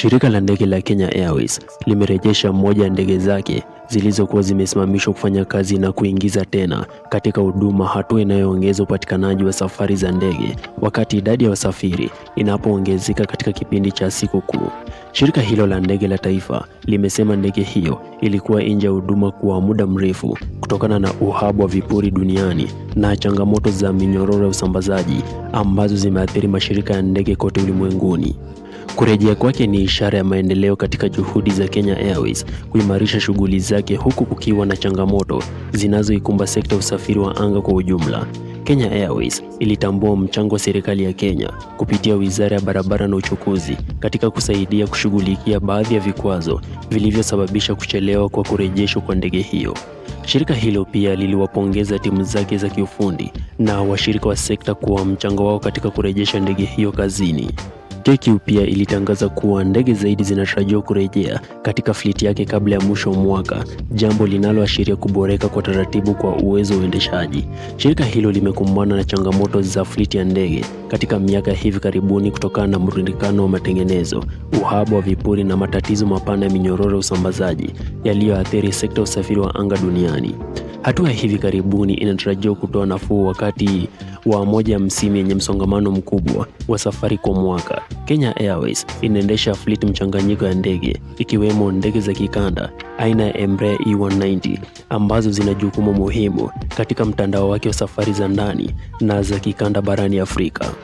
Shirika la ndege la Kenya Airways limerejesha moja ya ndege zake zilizokuwa zimesimamishwa kufanya kazi na kuingiza tena katika huduma, hatua inayoongeza upatikanaji wa safari za ndege wakati idadi ya wasafiri inapoongezeka katika kipindi cha siku kuu. Shirika hilo la ndege la taifa limesema ndege hiyo ilikuwa nje ya huduma kwa muda mrefu kutokana na uhaba wa vipuri duniani na changamoto za minyororo ya usambazaji ambazo zimeathiri mashirika ya ndege kote ulimwenguni. Kurejea kwake ni ishara ya maendeleo katika juhudi za Kenya Airways kuimarisha shughuli zake huku kukiwa na changamoto zinazoikumba sekta usafiri wa anga kwa ujumla. Kenya Airways ilitambua mchango wa serikali ya Kenya kupitia Wizara ya Barabara na Uchukuzi katika kusaidia kushughulikia baadhi ya vikwazo vilivyosababisha kuchelewa kwa kurejeshwa kwa ndege hiyo. Shirika hilo pia liliwapongeza timu zake za kiufundi na washirika wa sekta kwa mchango wao katika kurejesha ndege hiyo kazini. JQ pia ilitangaza kuwa ndege zaidi zinatarajiwa kurejea katika fliti yake kabla ya mwisho wa mwaka, jambo linaloashiria kuboreka kwa taratibu kwa uwezo wa uendeshaji. Shirika hilo limekumbana na changamoto za fliti ya ndege katika miaka hivi karibuni kutokana na mrundikano wa matengenezo, uhaba wa vipuri na matatizo mapana ya minyororo ya usambazaji yaliyoathiri sekta ya usafiri wa anga duniani. Hatua ya hivi karibuni inatarajiwa kutoa nafuu wakati wa moja msimu yenye msongamano mkubwa wa safari kwa mwaka. Kenya Airways inaendesha fleet mchanganyiko ya ndege ikiwemo ndege za kikanda aina ya Embraer E190 ambazo zina jukumu muhimu katika mtandao wake wa safari za ndani na za kikanda barani Afrika.